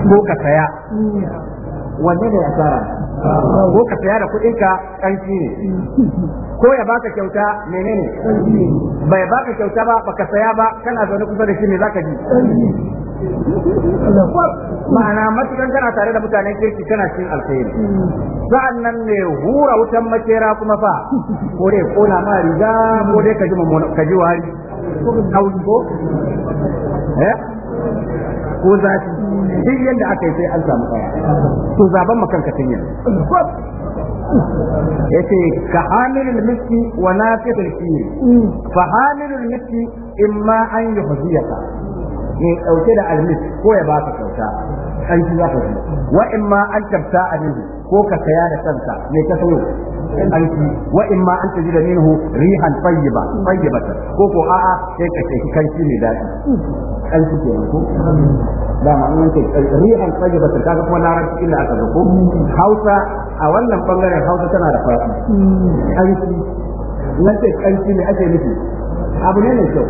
ko ka saya wanne ne asara ko ka saya da kuɗin ka ƙarfi ne ko ya baka kyauta menene bai baka kyauta ba baka saya ba kana zaune kusa da shi ne zaka ji ma'ana matukan kana tare da mutanen kirki kana cikin alkhairi sa'an nan ne hura wutan makera kuma fa ko dai kona ma riga ko dai kaji mummuna kaji wari ko ko eh ko zati duk yadda aka yi sai an samu tsaya to zaben makanka tun yanzu yace ka hamilul miski wa nafiqul kiri fa hamilul miski imma an yi yuhdiyaka mai ɗauke da almis ko ya baka kyauta an ci za ka ji wa in ma an tabta minhu ko ka saya da kanka mai ka sayo an ci wa in ma an tajida minhu rihan tayyiba tayyibata ko ko a'a sai ka kai kanki mai daɗi an ci ke ko da ma an ce eh, rihan tayyibata kaga kuma larabci inda aka zo ko Hausa a wannan bangaren Hausa tana da fasi an ci nan ce kanki ne ake nufi abu ne ne kyau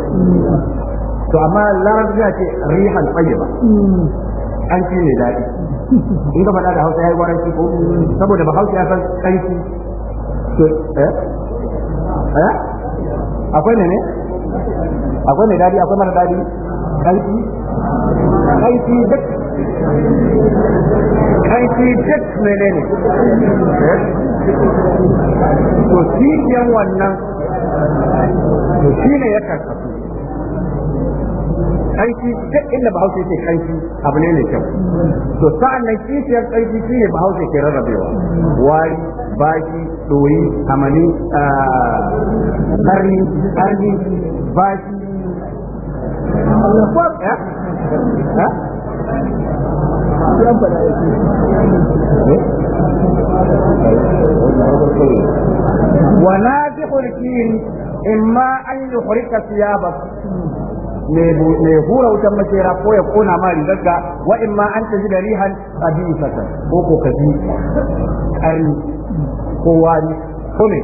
to amma larabci ya ce rihan tsayyaba an ci ne daɗi in ka faɗa da hausa ya yi waranci ko saboda ba hausa ya san ƙarfi to eh eh akwai ne ne akwai ne daɗi akwai mara daɗi ƙarfi ƙarfi duk ƙarfi duk mene ne eh? to cikin wannan to shi ne ya karkatu kanshi duk inda bahaushe ke kanshi abu ne ne kyau to sa'an nan kishiyar kanshi shi ne bahaushe ke rarrabewa wari baki doyi amani karni karni baki ونازع الكير إما أن يحرق ثيابك ne hura wutan makera ko ya kona ma rigarka wa in ma an taji da rihan abisata ko ko ka ari ko wani ko ne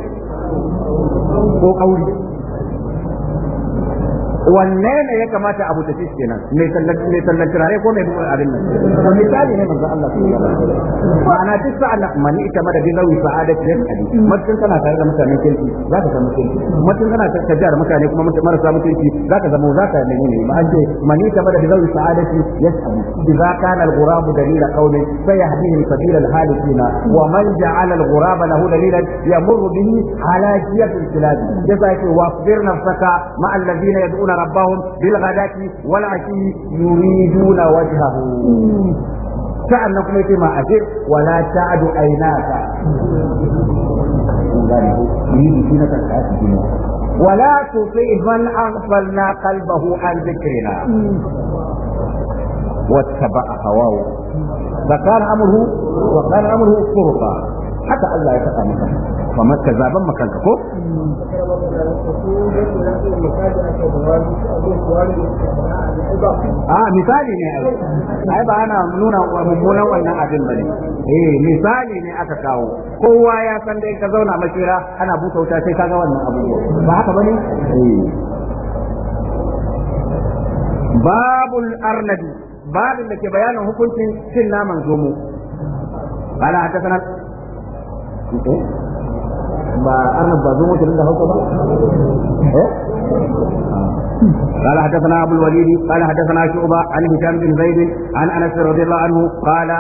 ko kauri wanne ne ya kamata abu ta shi kenan? mai tallan turare ko mai abin nan to misali ne manzo Allah sallallahu alaihi wasallam ma'ana duk sa'an mani ita mada bi zawi sa'adat lil hadi mutun kana tare da mutanen kirki zaka samu kirki mutun kana tare da mutane kuma marasa mutunci zaka zama ka ne ne ma an ce mani ita mada bi zawi sa'adati yas'abu idza kana al-ghurab dalila qawli sayahdihim sabila al-halikina wa man ja'ala al-ghurab lahu dalilan yamurru bihi ala jiyati al-kilab yasa yake wasbir nafsaka ma alladhina yad'una ربهم بالغداة والعشي يريدون وجهه كأنكم kuma yace ولا تعد wala ولا تطيع من أغفلنا قلبه عن ذكرنا واتبع هواه فكان أمره وكان أمره فرقا حتى الله يتقى kamar ka zaben makanka ko a ah, misali ne ai ba ana nuna mummunan wannan abin bane eh misali ne aka kawo kowa ya san dai ka zauna mashira ana buta wuta sai ka ga wannan abubuwa ba haka bane eh. babul arnabi babin da ke bayanin hukuncin cin naman zomo قال sanar. ba arna ba zo mutum da hausa ba eh? قال حدثنا ابو الوليد قال حدثنا شعبه عن هشام بن زيد عن انس رضي الله عنه قال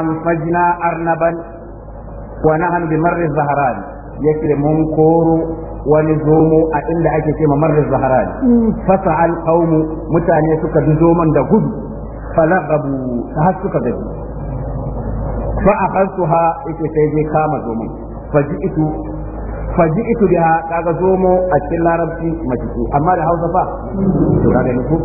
انفجنا ارنبا ونحن بمر الزهران يكرم كور wani zomo a inda ake ce ma marar zahara fasa alƙaumu mutane suka bi zoman da gudu falagabu har suka gaji fa a kansu ha yake sai kama zoman fa ji faji'tu biha kaga zomo a cikin larabci mace ce amma da Hausa fa to kaga ni ko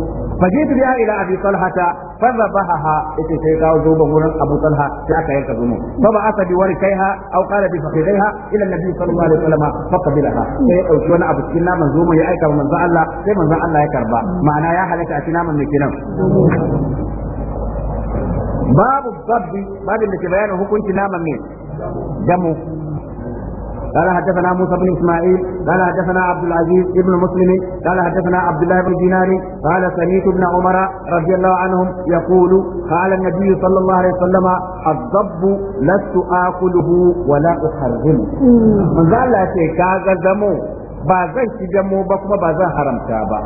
faji'tu biha ila Abi Talhata fadhabaha ita sai kawo zomo wurin Abu Talha sai aka yanka zomo fa ba asa bi warikaiha aw qala bi fakhidaiha ila Nabi sallallahu alaihi wasallam fa ha, sai ya dauki wani abu cikin naman zomo ya aika manzo Allah sai manzo Allah ya karba ma'ana ya halaka a cikin naman ne kenan babu babbi babin da ke bayanin hukunci naman ne damu قال حدثنا موسى بن اسماعيل قال حدثنا عبد العزيز بن مسلم قال حدثنا عبد الله بن دينار قال سمعت ابن عمر رضي الله عنهم يقول قال النبي صلى الله عليه وسلم الضب لست اكله ولا احرمه من قال لا تكاغ زمو ba zan shiga mu ba kuma ba zan haramta ba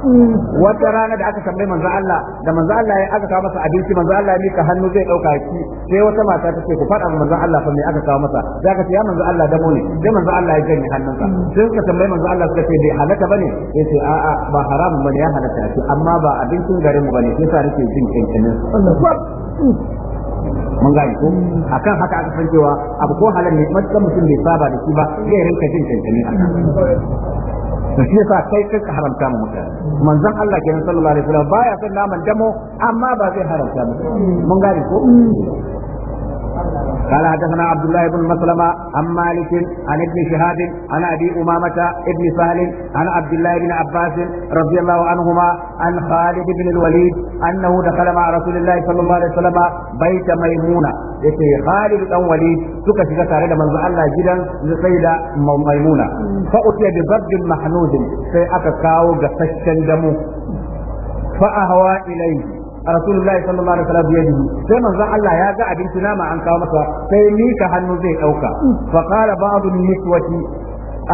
wata rana da aka tambaye manzo Allah da manzo Allah ya aka kawo masa abinci manzo Allah ya mika hannu zai dauka shi sai wata mata ta ce ku faɗa wa manzo Allah fa me aka kawo masa da aka ce ya manzo Allah damo ne sai manzo Allah ya janye hannunsa sai suka tambaye manzo Allah suka ce bai halaka bane ya ce a'a ba haramun bane ya halaka shi amma ba abincin garin mu bane sai sa nake jin kankanin mun gane ko akan haka aka san cewa abu ko halal ne matukan mutum bai saba da shi ba zai rinka jin kankani a to shi yasa kai kai ka haramta mu mutane manzon Allah kenan sallallahu alaihi wasallam baya son naman damo amma ba zai haramta mu mun gane ko قال حدثنا عبد الله بن مسلمة عن مالك عن ابن شهاب عن أبي أمامة ابن سهل عن عبد الله بن عباس رضي الله عنهما عن خالد بن الوليد أنه دخل مع رسول الله صلى الله عليه وسلم بيت ميمونة yace Khalid dan Walid suka shiga tare da manzo Allah gidan sai da Maimuna fa utiya bi zabdin mahnudin sai aka kawo gasasshen damu fa ahwa ilayhi A sallallahu alaihi wasallam biyadihi sai manzon Allah ya ga abinci nama an kawo masa sai ni mika hannu zai dauka fa qala ba'd niswati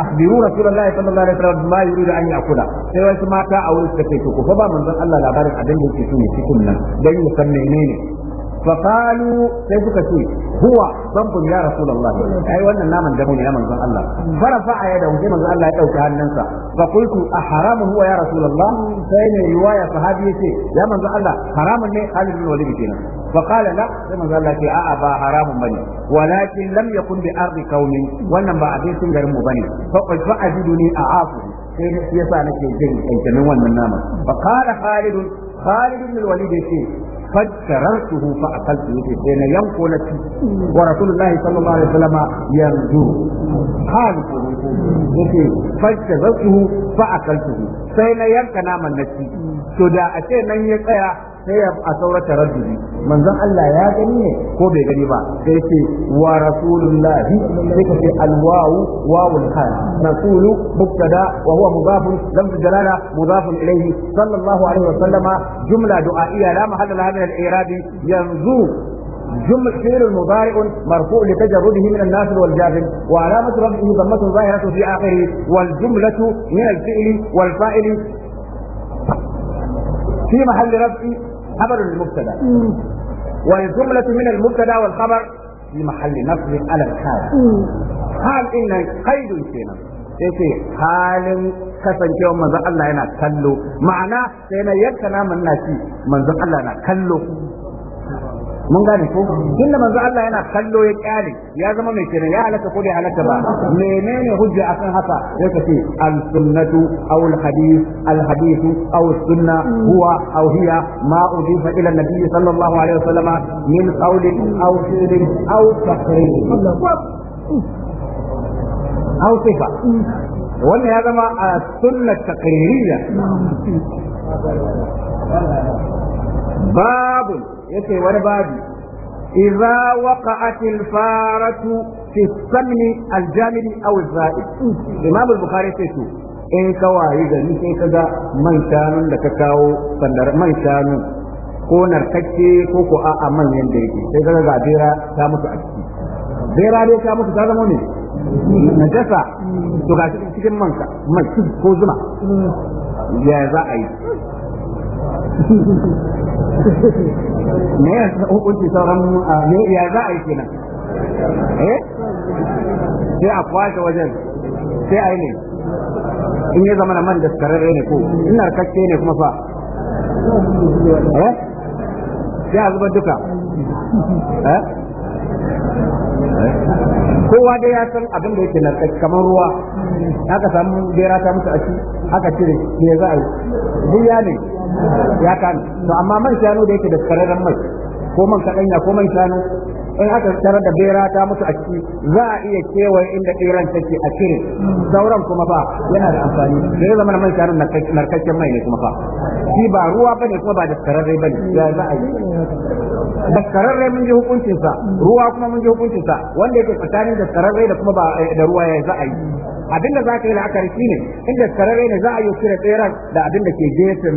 akhbiru rasulullahi sallallahu alaihi wasallam ma yuridu an yakula sai wasu mata a wurin suka ce ku fa ba manzon Allah labarin abin da yake so ne cikin nan dan ya san ne. فقالوا sai suka ce huwa zambun ya rasulullah ai wannan naman dabo ne naman zan Allah farafa aya da sai manzon Allah ya dauki hannunsa fa a haramun huwa ya rasulullah sai ne riwaya sahabi yace ya manzon Allah haramun ne Khalid bin Walid kenan fa qala la sai manzon Allah ce a'a ba haramun bane walakin lam yakun bi ardi qaumin wannan ba abincin garin mu bane fa qultu ajiduni a'afu sai yasa nake jin kankanin wannan naman fa qala Khalid Khalid bin Walid yace فجررته فأكلت يتسين ينقو لتي ورسول الله صلى الله عليه وسلم يرجو خالق yake farce zasu fa akaltu sai na yanka naman naci to da a ce nan ya tsaya sai a saura taraddudi manzon Allah ya gani ne ko bai gani ba sai ce wa rasulullahi sai ka ce alwawu wawul hal rasulu mubtada wa huwa mudafun lam jalala mudafun ilayhi sallallahu alaihi wa sallama jumla du'a'iyya la mahalla laha min al-i'rab yanzu جمل فعل مضارع مرفوع لتجرده من الناصب والجازم وعلامة رفعه ضمة ظاهرة في آخره والجملة من الفعل والفاعل في محل رفع خبر المبتدا والجملة من المبتدا والخبر في محل نصب على الحال حال إن قيد فينا يتي حال كسن كيوم من الله ينا كلو معنى يكنا من ناسي من الله ينا mun gane ko tunda manzo Allah yana kallo ya kyale ya zama mai kenan ya halaka ko bai halaka ba menene hujja akan haka yake ce al sunnatu aw al hadith al hadith aw al sunna huwa aw hiya ma udifa ila an sallallahu alaihi wasallam min qawlin aw fi'lin aw taqrir aw sifa wannan ya zama a sunna taqririyya babu yace wani babu idza waqa'atil faratu fi samni al-jamid aw al-za'id imam al-bukhari sai to in ka wayi gari sai kaga man shanun da ka kawo sandar man shanu ko narkakke ko ko a'a man yanda yake sai kaga ga bera ta mutu a ciki bera dai ta mutu ta zama ne najasa to ga cikin manka mai ko zuma ya za a yi me ya hukunci sauran ya za a yi kenan eh sai a kwashe wajen sai a yi ne in ya zama man da skararre ne ko ina kakke ne kuma fa eh sai a zuba duka eh kowa dai ya san abin da yake na kamar ruwa haka samu bera ta musu aci haka cire ne za a yi duk ne ya kan to amma man shanu da yake da skararren mai ko man kaɗanya ko man shanu in aka tarar da bera ta mutu a ciki za a iya kewaye inda iran take a cire sauran kuma fa yana da amfani da ya zama man shanun narkakken mai ne kuma fa shi ba ruwa bane kuma ba da skararre bane ya za a yi da skararre mun ji hukuncin sa ruwa kuma mun ji hukuncin sa wanda yake tsakanin da skararre da kuma ba eh, da ruwa ya za a yi abinda za ka yi la'akari shine inda skararre ne za a yi kira tseren da abinda ke gefen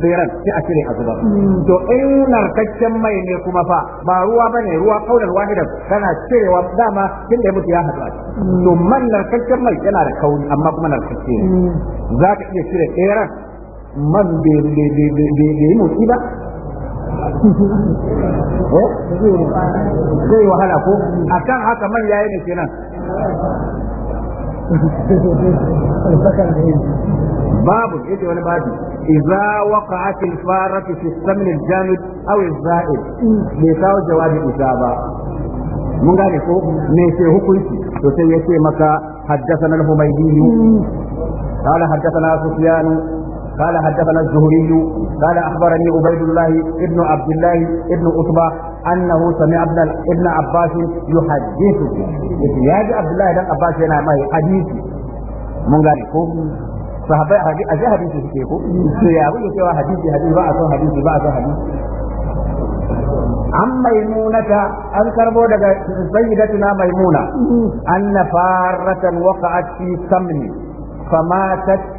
biran sai a cire a zuba hmm. to in narkakken mai ne kuma fa ba ruwa ne ruwa kaunar wahidan kana cirewa dama tun da mutu ya haɗu a hmm. to man narkakken mai yana da kauri amma kuma narkakke ne hmm. za ka iya cire ɗeran man bai yi motsi ba eh? zai wahala ko akan haka man yayi ne kenan باب يجي ولا باب اذا وقعت الفارة في السمن الجامد او الزائد بيساو جواب الاجابة من قال يقول ميسي هكوشي وسيسي مكا حدثنا الهميدي قال حدثنا سفيان قال حدثنا الزهري قال اخبرني عبيد الله ابن عبد الله ابن عتبه انه سمع ابن ابن عباس يحدث يا عبد الله ابن عباس هنا ما حديث من قال لكم صحابي هذا حديث كيف يا ابو يوسف حديث حديث بقى صح حديث بقى صح حديث اما يمونك انكر بو دغ سيدتنا ميمونه ان فاره وقعت في سمن فماتت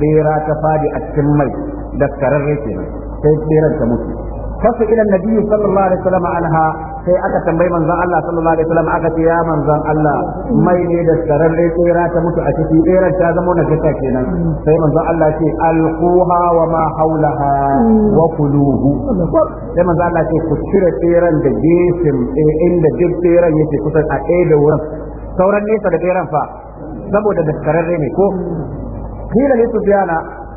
bera ta fadi a cikin mai da kararre kenan sai beran ta mutu fasu ila nabi sallallahu alaihi wasallam anha sai aka tambayi manzon Allah sallallahu alaihi wasallam aka ce ya manzon Allah mai ne da kararre bera ta mutu a cikin beran ta zama na gata kenan sai manzon Allah ce alquha wa ma haulaha wa kuluhu sai manzon Allah ce ku cire tseren da gefen eh, inda duk beran yake kusan a ɗaya da wurin sauran nesa da tseren fa saboda daskararre ne ko قيل لسفيان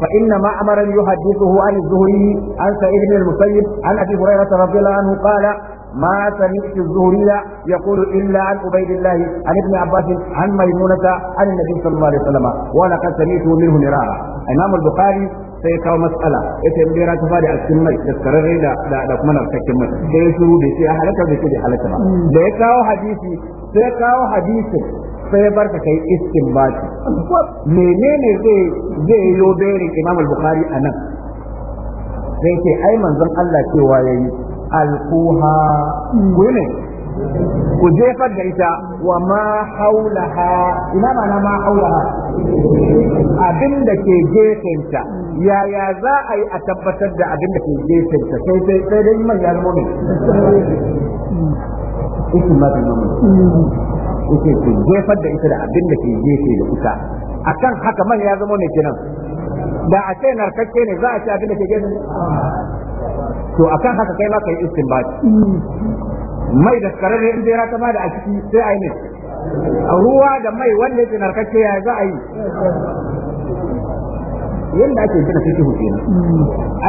فإن معمرا يحدثه عن الزهري عن سعيد بن المسيب عن أبي هريرة رضي الله عنه قال ما سمعت الزهري يقول إلا عن عبيد الله عن ابن عباس عن ميمونة عن النبي صلى الله عليه وسلم ولقد سمعته منه مرارا إمام البخاري sai kawo matsala ita in bera ta fadi a cikin mai da kararre da da kuma narkakken mai sai ya shuru da sai halaka da ke da halaka ba da ya kawo hadisi sai kawo hadisin sai ya barka kai istinbati menene zai zai yo berin Imam al-Bukhari anan sai ce ai manzon Allah cewa yayi alquha gune ku jefar da ita wa ma haulaha ina mana ma haulaha abin da ke gefenta yaya za a yi a tabbatar da abin da ke gefenta sai sai sai dai man ya zama ne istinbati yake ku jefar da ita da abin da ke gefe da ita akan haka man ya zama ne kenan da a ce narkakke ne za a ce abin da ke gefe to akan haka kai ma kai istinbat mai da kararre in bera ta da a ciki sai a yi ne ruwa da mai wanda yake narkakke ya za a yi yadda ake gina sai kihu kenan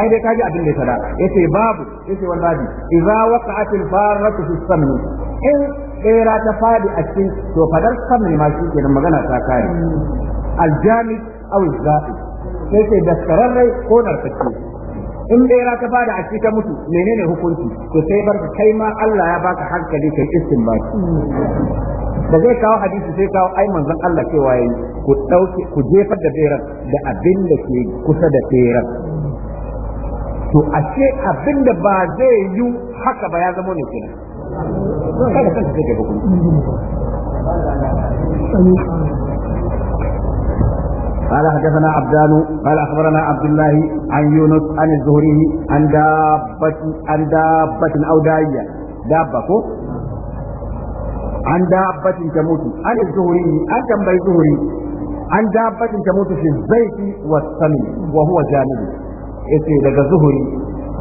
ai dai kaji abin da ya Ya yace babu yace wallahi idza waqa'atil faratu fis samni in bera ta faɗi a cikin to fadar sam ma shi kenan magana ta kare aljami aw za'i sai sai sararrai ko narkace in ɗera ta faɗi a cikin mutu menene hukunci to sai bar kai ma Allah ya baka hankali kai istinbati da zai kawo hadisi sai kawo ai manzon Allah cewa yayi ku ku jefar da berar da abin da ke kusa da beran to ashe abin da ba zai yi haka ba ya zama ne kenan قال حدثنا عبدان قال اخبرنا عبد الله عن يونس عن الزهري عن دابة عن دابة او داية دابة كو عن دابة تموت عن الزهري عن جنبي الزهري عن دابة تموت في الزيت والسمن وهو جانب يسير لك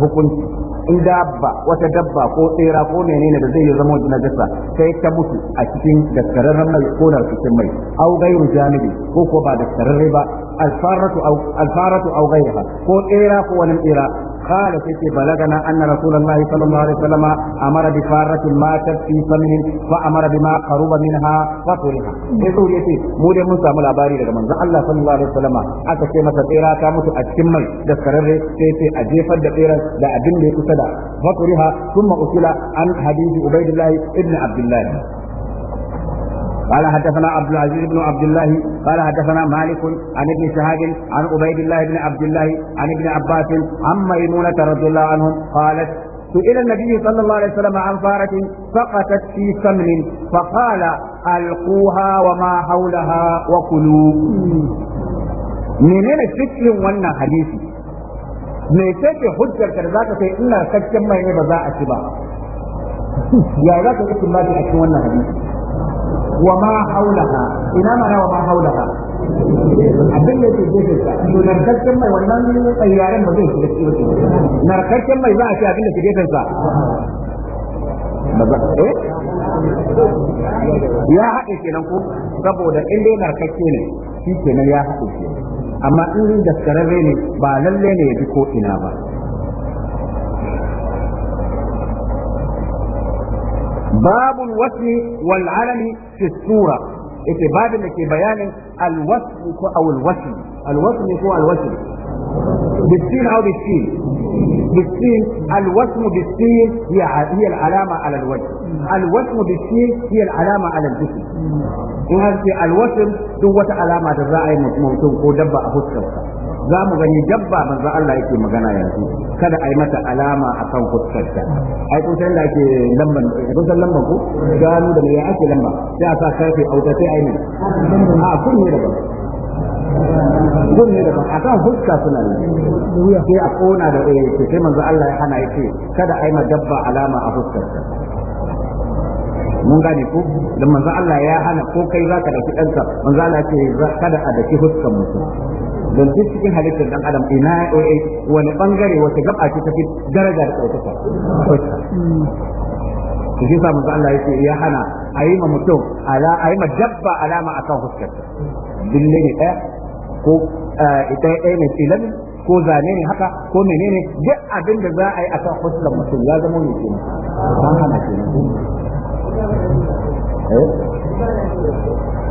هو كنت in dabba wata dabba ko tsera ko menene da zai yi zama najasa sai ta mutu a cikin daskararren mai ko da cikin mai au gairu janibi ko ko ba daskararre ba alfaratu au alfaratu au ko tsera ko wani tsera قال سيتي بلغنا أن رسول الله صلى الله عليه وسلم أمر بفارة ماتت في سمن فأمر بما قرب منها فطرها يقول يتي مودي موسى من أباري لك منزع الله صلى الله عليه وسلم أكا سيما ستيرا كامت أتكمل دسكرر سيتي أجيفا دقيرا لا أبن لي أسدا فطرها ثم أسلا عن حديث عبيد الله ابن عبد الله قال حدثنا عبد العزيز بن عبد الله قال حدثنا مالك عن ابن شهاب عن عبيد الله بن عبد الله عن ابن عباس عن ميمونة رضي الله عنهم قالت سئل النبي صلى الله عليه وسلم عن فارة سقطت في سمن فقال ألقوها وما حولها وكلوا menene cikin wannan hadisi me take hujjar da zaka sai ina sakken mai ne ba za a ci ba ya za ka yi a cikin wannan hadisi wa ma haulaha ina mana wa ma haulaha abin da yake gefe sa to narkakken mai wannan tsayyaren ba zai shiga cikin narkakken mai za a ce abin da ke gefen sa ya haɗe kenan ko saboda in dai narkakke ne shi kenan ya haɗe kenan amma in daskararre ne ba lalle ne ya bi ko ina ba باب الوصف والعلم في الصورة إيه باب اللي بيان الوصف أو الوصف الوصف هو الوصف بالسين أو بالسين بالسين الوصف بالسين هي هي العلامة على الوجه الوصف بالسين هي العلامة على الجسم إن الوصف دوت علامة الرأي ممكن ودب أبو السوطة za mu gani dabba manzo Allah yake magana yanzu kada a yi mata alama a kan fuskarta ai kun san da ake lamban kun san lamban ku gano da me ya ake lamba sai a sa karfe auta sai ai ne a kun ne daban kun ne daban a kan fuska suna ne sai a kona da eh sai manzo Allah ya hana yake kada a yi ma dabba alama a fuskarta mun gane ko da manzo Allah ya hana ko kai zaka daki ɗanka manzo Allah ce kada a daki fuskan mutum don duk cikin halittar dan adam ina a eh, eh, wani bangare wata gaba ce tafi daraja da ɗaukaka to shi sa manzo Allah yake ya hana ayi ma mutum ala ayi ma dabba alama akan ta dille ne eh ko ita ɗaya ne filan ko zane ne haka ko menene duk abin da za a yi akan fuskar mutum ya zama ne kenan an hana ke eh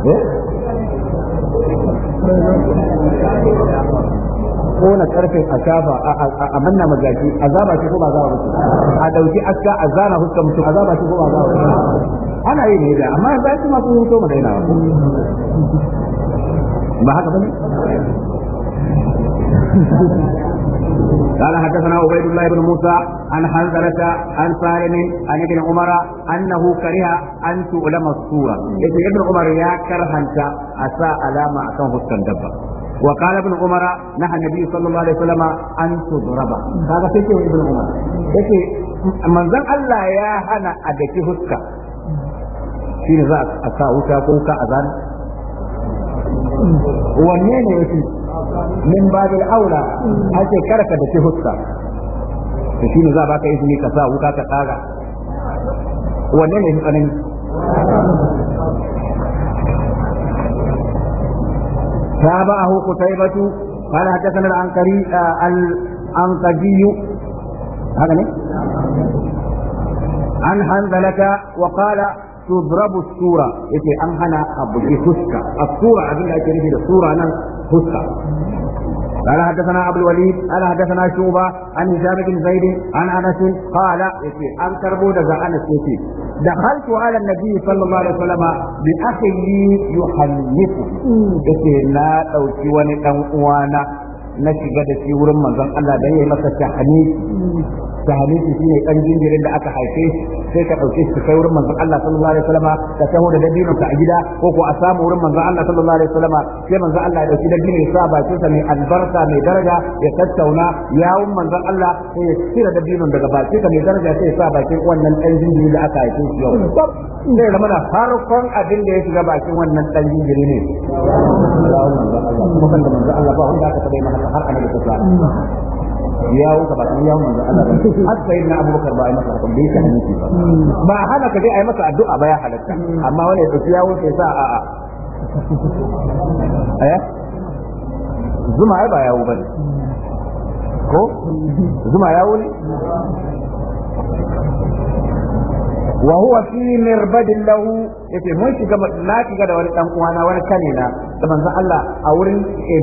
eh kona karfe a shafa a manna magaji zaba shi ko ba za a a dauki aska a zana huska mutum zaba shi ko ba za a ana yi ne da amma ba su masu hutu mu daina ba haka ne قال حدثنا عبيد الله بن موسى عن حنظلة عن سالم عن ابن عمر أنه كره أن تؤلم الصورة إذا ابن عمر يا كره كرهنت أساء علامة أكون الدبة وقال ابن عمر نهى النبي صلى الله عليه وسلم أن تضرب هذا فيك ابن عمر من منزل الله يا هنا أدكي هسكا في ذاك أساء وكا وكا أذان wanne ne yake min babil aula ake karka da ke hutsa da shi ne za a baka izini ka sa wuka ka tsara wannan ne hutsanin ta ba a hukun ta batu kada haka sanar an kari an kajiyu haka an hanzalaka wa kala tudrabu sura yake an hana abu ke fuska a sura abinda ake nufi da sura nan fuska قال حدثنا ابو الوليد قال حدثنا شوبه عن هشام بن زيد عن انس قال يتي ان كربو دغ انس يتي دخلت على النبي صلى الله عليه وسلم باخي يحنكه يتي لا دوكي وني دان uwana na shiga da shi wurin manzon Allah dan yayi masa tahnisi tahnisi shine dan jinjirin da aka haife sai ka dauke shi kai wurin manzon Allah sallallahu alaihi wasallam ka taho da dabino a gida ko ko a samu wurin manzon Allah sallallahu alaihi wasallam sai manzon Allah ya dauki dabino ya sa bakin sa mai albarka mai daraja ya tattauna yawun manzon Allah sai ya tira dabinon daga bakin mai daraja sai ya sa bakin wannan dan jinjirin da aka haife shi yau sai zama da farkon abin da ya shiga bakin wannan dan jinjiri ne Allahu manzon Allah kuma kan da manzon Allah ba wanda aka tabe maka har annabi ta ya wuka ba ya har sai na abubakar ba ai masa hakuri da yake hannunki ba ba hana ka dai masa addu'a ba ya halatta amma wani ya tafi ya wuce sa a a aya eh? zuma ba yawo ko zuma yawo ne wa huwa fi mirbadin lahu yace mun shiga na shiga da wani dan uwana wani kane na da manzon Allah a wurin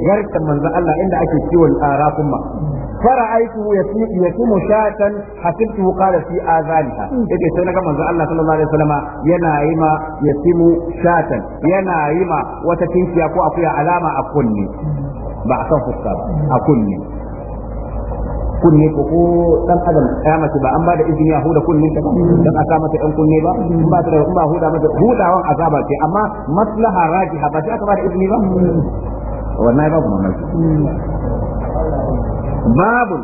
garkan manzon Allah inda ake kiwon rafin ma فرأيته يتيم شاة حسبته قال في آذانها يجي سنة من الله صلى الله عليه وسلم ينايما يتيم شاة ينايما وتتنشي أكو أقوى علامة أكوني بعثه a kunne. kunne ko ko dan adam ya ba an ba da izini a huda kunne ta dan aka mata dan kunne ba in ba da in ba huda mata hudawan azaba ce amma maslaha rajiha ba sai aka ba da izini ba wannan ba kuma mai babu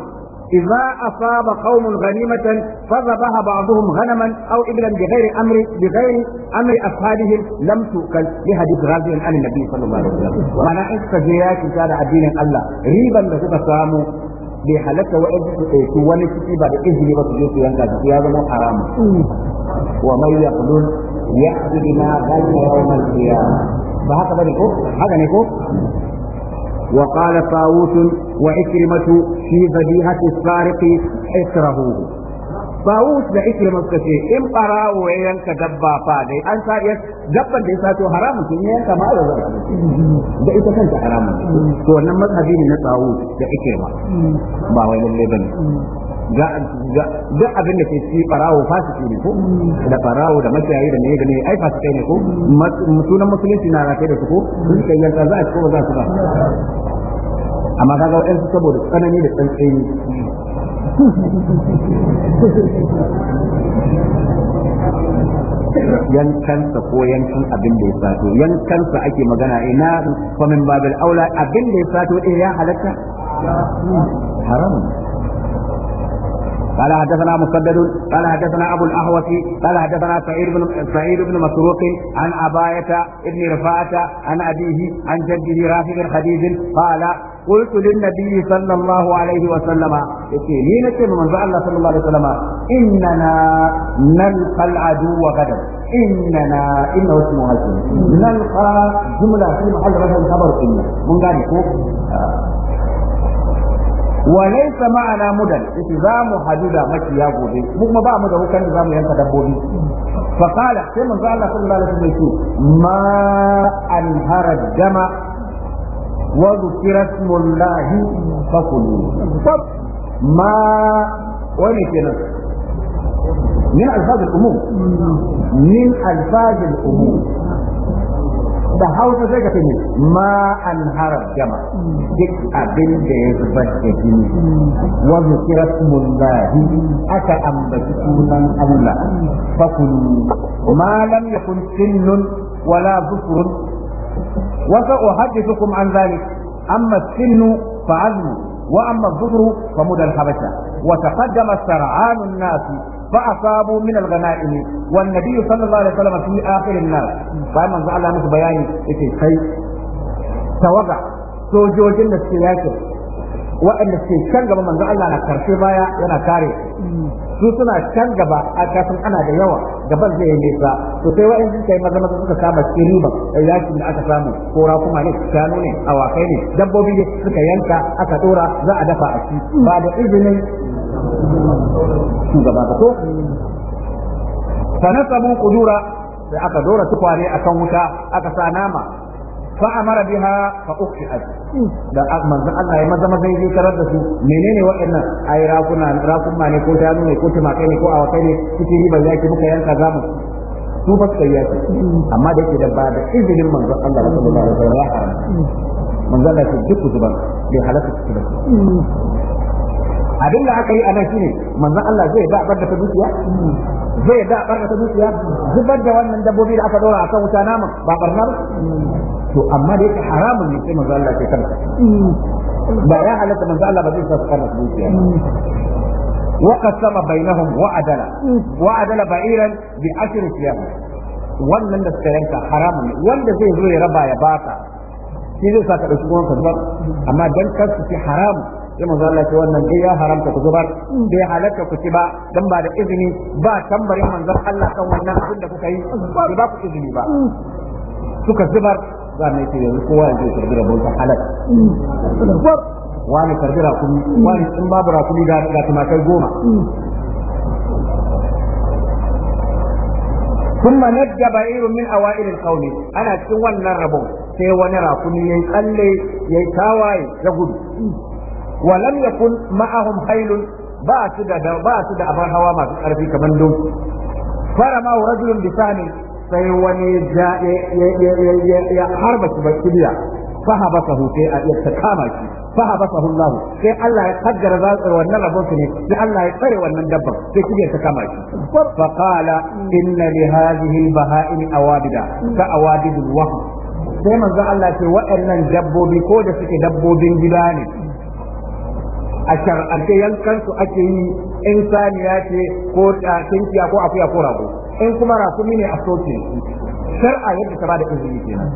إذا أصاب قوم غنيمة فذبح بعضهم غنما أو إبلا بغير أمر بغير أمر أصحابهم لم تؤكل لحديث غازي عن النبي صلى الله عليه وسلم وأنا أستجياك كان الدين الله ريبا لسوك سامو bai halatta wa'azi su ɗauki wani ciki ba da izini ba su je su yanka su ya zama haramu wa mai yaqdun ya'ti bima ghayra yawm al-qiyamah ba haka bane ko haka ne ko وقال طاووس وعكرمة في ذبيحة السارق اكرهوه Bawus da Ikrima suka ce in barawo ya yanka dabba fa dai an sa ya dabban da ya sato haramun sun yanka ma da zan da ita kanta haramun to wannan mazhabi ne na Bawus da Ikrima ba wai lalle bane ga duk abin da ke ci farawo fasiki ne ko da farawo da makiyayi da ne da ne ai fasikai ne ko sunan musulunci na rataye da su ko sun kai yanka za a ci ko za su ba amma kaga wa'ansu saboda tsanani da tsantsayi yankansa ko yankan abin da ya sato yankansa ake magana ina kwamin babil aula abin da ya sato ɗin ya halatta haram قال حدثنا مسدد قال حدثنا ابو الاهوس قال حدثنا سعيد بن سعيد بن مسروق عن عباية بن رفاعة عن ابيه عن جده رافع خديج قال qultu lin nabiy sallallahu alaihi wa sallama yace ni nace ma manzo Allah sallallahu alaihi wa sallama innana nalqal aduwa gadan innana inna ismu hakim nalqa jumla fi mahall rafin khabar mun gane ko وليس معنا مدن إذا محدودا مكي يا غودي مو ba mu da wukan da zamu yanka dabbobi فقال sai manzo Allah sallallahu alaihi wasallam ma anhara dama wa zukira smullahi fakulu ma wani kenan min alfaz al-umum min alfaz al-umum da hausa sai ka tafi ma an harar jama duk abin da ya zubar da jini wa zikira smullahi aka ambaci sunan Allah fakulu ma lam yakun sinnun wala zufrun وسأحدثكم عن ذلك أما السن فعزم وأما الظهر فمدى الحبشة وتقدم سرعان الناس فأصابوا من الغنائم والنبي صلى الله عليه وسلم في آخر الناس فأما زعل بياني إتي سي توقع sojojin da suke yakin waɗanda suke can gaba manzo Allah na karfe baya yana kare su suna can gaba a kafin ana da yawa gaban zai sa. to sai wa'in suka yi maza maza suka kama cikin riba eh, yakin da aka samu ko rakuma ne shanu ne awakai ne dabbobi ne suka yanka aka dora za a dafa a ci ba da izinin shugaba ba ko kudura sai aka dora tukwane akan wuta aka sa nama fa amara biha fa uqihat da manzon Allah ya maza maza zai karar da su menene waɗannan ai rakuna ma ne ko shanu ne ko ta tumakai ne ko kai ne kike yi ban ki muka yanka mu su ba su yaki amma da yake da ba da izinin manzon Allah sallallahu alaihi wasallam manzon Allah ya duk zuban bai halaka su ba abin da aka yi a nan shine manzon Allah zai da barka ta dukiya zai da barka ta dukiya zubar da wannan dabbobi da aka dora kan wuta nama ba barna ba to amma da yake haramun ne sai manzon Allah ke kan ba ya halatta manzon Allah ba zai sa barka ta dukiya adala wa adala ba'iran bi ashr siyam wannan da suka yanka haramun ne wanda zai zo ya raba ya baka shi zai sa ka ɗauki gonka amma dan kasu su haramun sai manzo Allah ce wannan dai ya haramta ku zubar in bai halatta ku ci ba dan ba da izini ba tambarin manzon Allah kan wannan abin da kuka yi bai ba ku izini ba suka zubar za mu ce yanzu kowa ya je karbi rabon ta halal wani karbi rakumi wani in babu rakumi ga ga tumakai goma ثم نجى بعير من أوائل القوم أنا cikin wannan rabon sai wani rakumi yayi tsalle yayi tawaye ya gudu wa lam yakun ma'ahum hailun ba su da ba hawa masu karfi kamar doki farama rajulun bi sahmin sai wani ya harba shi bakiya fahabasahu sai a iya kama shi fahabasahu Allah sai Allah ya kaddara zatsar wannan rabon ne sai Allah ya tsare wannan dabban sai kige ta kama shi sai Allah ce waɗannan dabbobi ko da suke dabbobin gida ne a shar'ance yankansu su ake yi in saniya ce ko tinkiya ko akuya ko rago in kuma rakumi ne a soke shar'a yadda ta bada izini kenan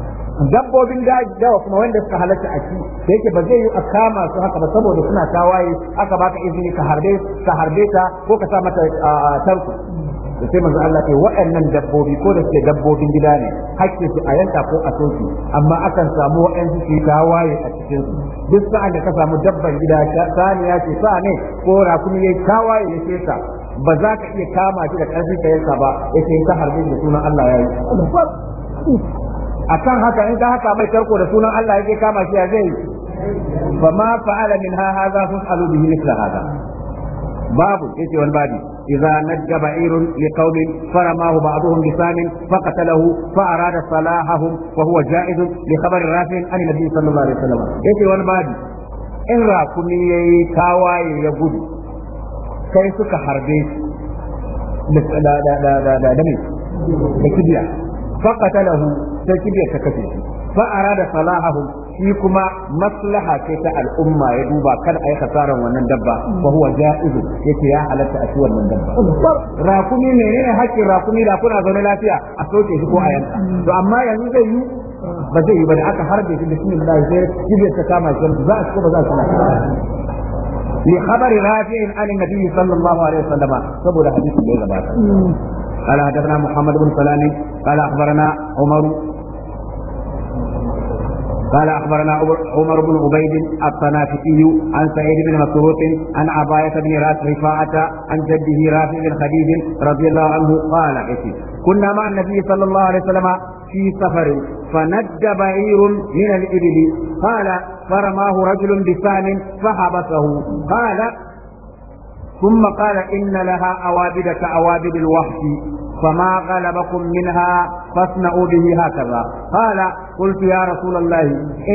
dabbobin dawa kuma wanda suka halatta a ci da yake ba zai yi a kama su haka ba saboda suna tawaye aka baka izini ka harbe ka harbe ta ko ka sa mata ah, tarko da sai manzo Allah ce wa'annan dabbobi ko da suke dabbobin gida ne hakkin su a yanka ko a soki amma akan samu waɗansu su waye a cikin su duk sa'an da ka samu dabban gida saniya ce sa ne ko rakumi yayi waye ya ce ka ba za ka iya kama shi da karfi ka yanka ba yace ka harbe da sunan Allah yayi kan haka in ka haka mai tarko da sunan Allah yake kama shi ya zai fa ma fa'ala min ha hadha fas'alu bihi mithla haza. babu yace wani babu إذا نج بعير لقوم فرماه بعضهم بسام فقتله فأراد صلاحهم وهو جائز لخبر رافع عن النبي صلى الله عليه وسلم يتي والبادي إن راكمي كاواي يقول كيسك حربيت لا لا لا لا لا لا فقتله تكبير تكفي فأراد صلاحهم shi kuma maslaha ce ta al'umma ya duba kan yi kasaran wannan dabba fa huwa ja'izu yake ya halatta a ci wannan dabba rakumi menene hakkin rakumi da kuna zaune lafiya a soke shi ko a yanka to amma yanzu zai yi ba zai yi ba da aka harbe shi da shi da zai kibiyar ta kama shi za a ci ko ba za a ci لخبر رافع عن النبي صلى الله عليه وسلم سبب حديث الليل قال حدثنا محمد بن سلام قال اخبرنا عمر قال أخبرنا عمر بن عبيد الطنافسي عن سعيد بن مسروق عن عباية بن راس رفاعة عن جده رافع بن خديج رضي الله عنه قال إيه، كنا مع النبي صلى الله عليه وسلم في سفر فند بعير من الإبل قال فرماه رجل بسان فحبسه قال ثم قال إن لها أوابد كأوابد الوحش فما غلبكم منها فاصنعوا به هكذا قال قلت يا رسول الله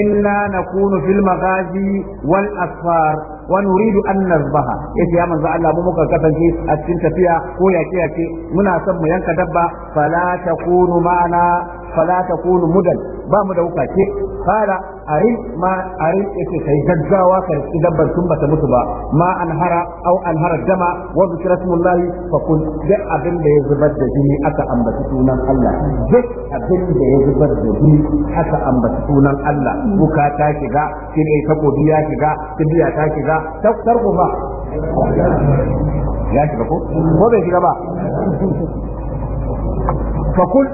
إنا نكون في المغازي والأسفار ونريد أن نذبها يجي يا من زعل أبو مكة كتنجي أتنت فيها قوية كيكي منا سمو ينكدب فلا تكون معنا فلا تكون مدن ba mu da wukace kala arin ma arin yake kai gaggawa ka riski dabbar tun bata mutu ba ma an hara au an hara dama wa bi smullahi fa kun duk abin da ya zubar da jini aka ambaci sunan Allah duk abin da ya zubar da jini aka ambaci sunan Allah buka ta shiga kin ai takobi ya shiga kibiya ta kiga tarko ba ya shiga ko ko bai shiga ba فكل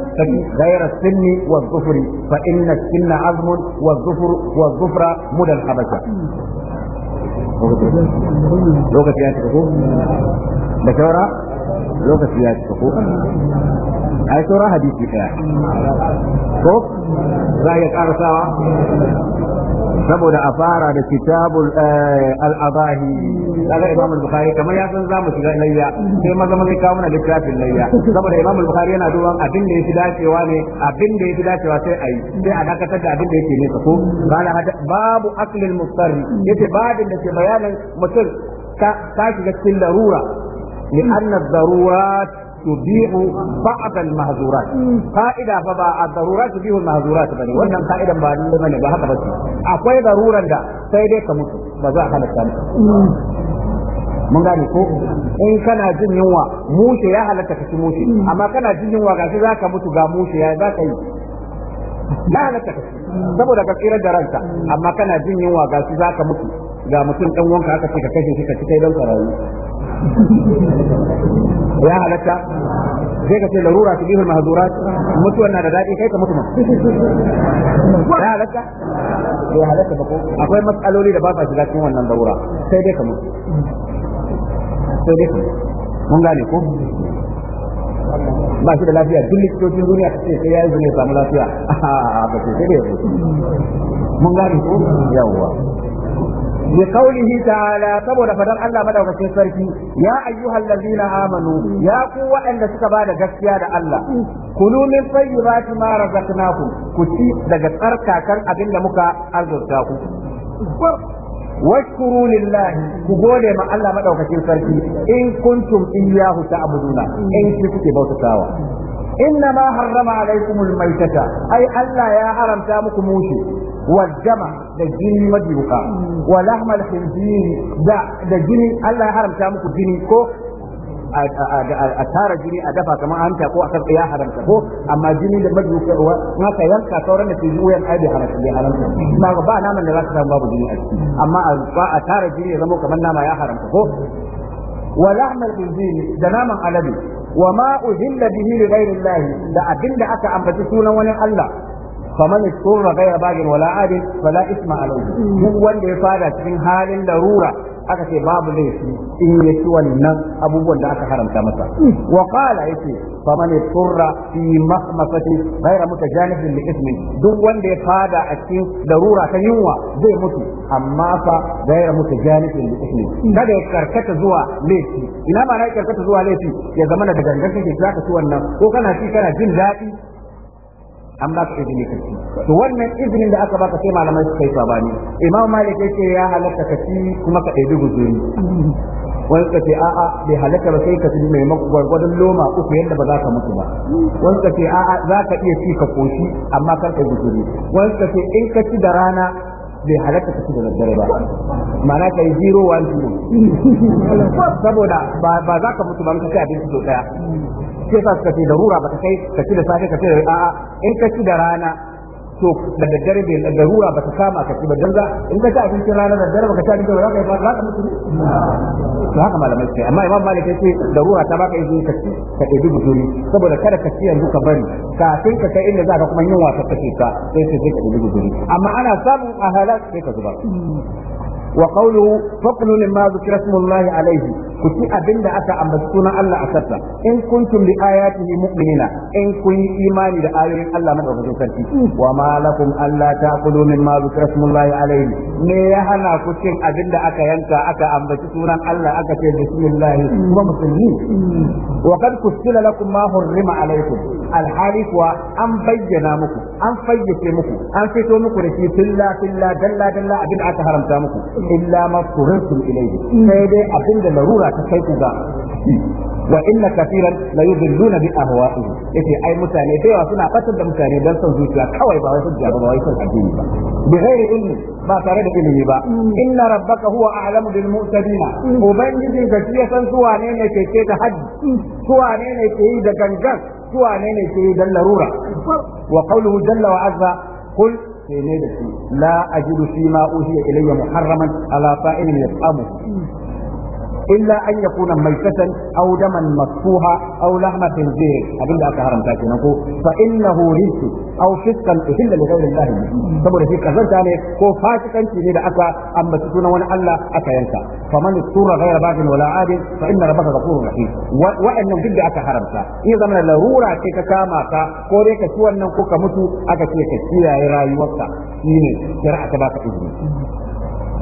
غير السن والظفر فإن السن عظم والظفر والظفر مدى الحبشة لغة يعني تقول saura lokaci ya cika ko ai sauran hadisi ɗaya ko za a ka karasawa saboda a fara da kitabul eh, al'abahi, abahi daga imam al-bukhari kamar ya san mu shiga layya sai maza maza kawo mana littafin layya saboda imam al-bukhari yana duban abin da yake dacewa ne abin da yake dacewa sai ayi sai a dakatar da abin da yake nesa ko qala babu aklil mustari yace babin da ke bayanin mutum ka shiga cikin larura لأن الضرورات تبيح بعض المهذورات فائدة فبا الضرورات تبيح المهذورات بني وانا فائدة بني بني بحق بس أقوي ضرورا دا سيدي كموت بزاء خلق mun ga ni ko in kana jin yunwa mushe ya halatta ka ci mushe amma kana jin yunwa gashi zaka mutu ga mushe ya zaka yi ya halatta ka saboda ka tsira da ranka amma kana jin yunwa gashi zaka mutu ga mutum dan wanka aka ce ka kashe shi ka ci kai don ka rayu ya halatta zai ka ce larura su bihul mahzurat mutuwan na da daɗi kai ka mutu ma ya halatta ya halatta bako akwai matsaloli da ba sa shiga cikin wannan daura sai dai ka mutu sai dai ka mun gane ko ba shi da lafiya duk likitocin duniya ta ce sai ya yi zune samu lafiya a ba ce sai dai mun gane ko yawwa لقوله تعالى سبب فدر الله مدعو كشين سركي يا أيها الذين آمنوا يا قوة أن تكبار جسيا دا الله كلوا من طيبات ما رزقناكم كتي دا جسركا كان أبن لمكا أرزقناكم muka lillahi ku gode ma Allah madaukakin sarki in kuntum iyyahu ta'buduna in kuke bautatawa inna ma harrama alaikumul maitata ai Allah ya haramta muku mushi والدم da jini majibuka wa lahmal khinzir da da jini Allah ya haramta muku jini ko a tara jini a dafa kamar hanta ko a karɓa ya haramta ko amma jini da majibuka na ka yanka sauran da ke yi wuyan ai haramta bai haramta na ba naman da za ka samu babu jini a ciki amma a tara jini ya zama kamar nama ya haramta ko wa lahmal khinzir da naman alabi wa ma uhilla bihi li ghayri da abinda aka ambaci sunan wani Allah faman isturra ghayra bagin wala adin fala isma alayhi duk wanda ya fada cikin halin darura aka ce babu laifi in ya ci wannan abubuwan da aka haramta masa wa qala yace faman isturra fi mahmasati ghayra mutajanibin li ismin duk wanda ya fada a cikin darura ta yunwa zai mutu amma fa ghayra mutajanibin li ismin. kada ya karkata zuwa laifi ina ma na karkata zuwa laifi ya zama da gangan ke zaka ci wannan ko kana ci kana jin daɗi an ka izini ka ci to wannan izinin da aka baka sai malamai suka yi sabani imam malik yace ya halatta ka ci kuma ka ɗebi guzuri wani ka ce a'a bai halatta ba sai ka ci mai gwargwadon loma uku yadda ba za ka mutu ba wani ka ce a'a za ka iya ci ka koshi amma kar ka guzuri wani ce in ka ci da rana bai halatta ka ci daddare ba ma'ana kai zero one zero saboda ba za ka mutu ba ka kai abinci sau daya sai sa suka ce da rura ba ta kai ka ci da safe ka ci da a'a in ka ci da rana to da daddare bai da ruwa ba ta kama ka ci ba dan za in ka ci abincin rana da dare baka ci abincin rana ba za ka mutu ne? to haka malamai sai amma imam malik yace da ruwa ta baka izini ka ci ka ɗebi guduri saboda kada ka ci yanzu ka bari kafin ka kai inda za ka kuma yin wasa kake ka sai sai ka ɗebi guduri amma ana samun ahalat sai ka zuba وقوله فقل لما ذكر اسم الله عليه ku ci abin da aka ambaci sunan Allah a kansa in kuntum bi ayatihi mu'minina in kun yi imani da ayoyin Allah na madaukakin sarki wa ma lakum alla ta'kulu mimma zikra smullahi alayhi me ya hana ku cin abin da aka yanka aka ambaci sunan Allah aka ce bismillah kuma musulmi wa kad kusila lakum ma hurrima alaykum alhali kuwa an bayyana muku an fayyace muku an fito muku da shi filla filla dalla dalla abin da aka haramta muku illa ma kurrtum ilayhi sai dai abin da larura kai ku ga wa inna kafiran la yudilluna bi ahwa'ihi yace ai mutane da yawa suna fatar da mutane dan son zuciya kawai ba wai son jaba ba wai son addini ba bi ghairi ilmi ba tare da ilimi ba inna rabbaka huwa a'lamu bil mu'tadina ubangijin ka shi san su wane ne ke ce da haji su wane ne ke yi da gangan su wane ne ke yi da larura wa qawluhu jalla wa azza qul sai ne da shi la ajidu fi ma uhiya ilayya muharraman ala fa'ilin yas'amu illa an yakuna maitatan aw daman masfuha aw lahma khinzir abinda aka haramta kenan ko fa innahu rijsu aw fiskan illa li ghayri Allah saboda shi kazanta ne ko fasikanci ne da aka ambaci sunan wani Allah aka yanka faman istura ghayra baghin wala adin fa inna rabbaka ghafurur rahim wa'annan duk da aka haramta iya zama larura ce ka kama ka ko dai ka ci wannan ko ka mutu aka ce ka kiyaye rayuwarka shine shari'a ta baka izini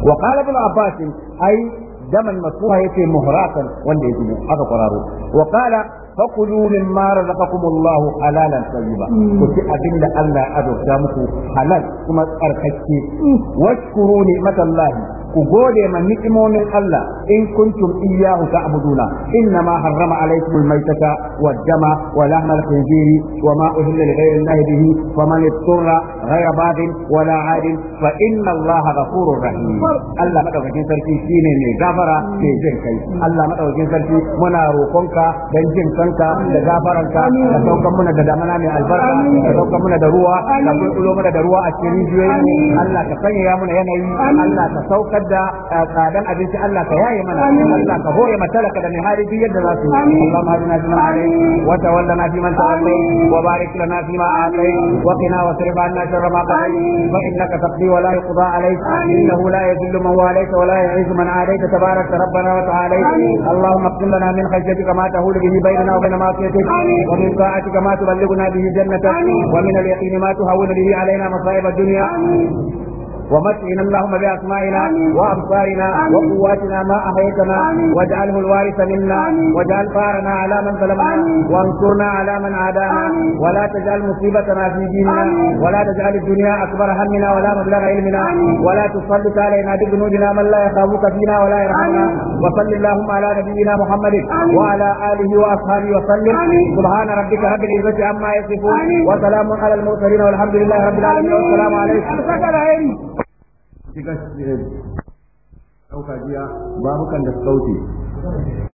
وقال ابن عباس أي daman masfuha yace muhraqan wanda ya zubo aka kwararo wa qala fakulu mimma razaqakumullahu halalan ku ci abinda Allah ya azurta muku halal kuma tsarkake washkuru ku gode ma ni'imomin Allah in kuntum iyyahu ta'buduna inna ma harrama alaykum al-maytata wad-dama wa lahma al-khinzir wa ma uhilla li ghayri Allah bihi faman ittara ghayra baghin wa la 'adin fa inna Allah ghafurur rahim Allah madaukakin sarki shine mai gafara mai jin kai Allah madaukakin sarki muna roƙonka dan jin kanka da gafaranka da saukan muna da damana mai albarka da saukan muna da ruwa da kulkulo muna da ruwa a cikin rijiyoyi Allah ka sanya muna yanayi Allah ka saukar da eh, tsadan abinci Allah ka yaye mana Allah ka hore matalaka da mai duk yadda za su Allah ma dina dina alai wa tawallana fi man wa barik lana fi ma wa qina wa sirf anna sharra ma fa innaka taqdi wa la yuqda innahu la yadhillu man wa la yu'izzu man tabarak rabbana wa ta'ala اللهم اقسم لنا من خشيتك ما تهول به بيننا وبين معصيتك ومن طاعتك ما تبلغنا به جنتك ومن اليقين ما تهون به علينا مصائب الدنيا ومتعنا اللهم بأسمائنا وأبصارنا وقواتنا ما أحيتنا واجعله الوارث منا واجعل فارنا على من ظلمنا وانصرنا على من عادانا ولا تجعل مصيبتنا في ديننا ولا تجعل الدنيا أكبر همنا ولا مبلغ علمنا ولا تسلط علينا بذنوبنا من لا يخافك فينا ولا يرحمنا وصل اللهم على نبينا محمد وعلى آله وأصحابه وسلم سبحان ربك رب العزة عما يصفون وسلام على المرسلين والحمد لله رب العالمين والسلام عليكم shiga eh, ɗauka jiya babukan da suka wuce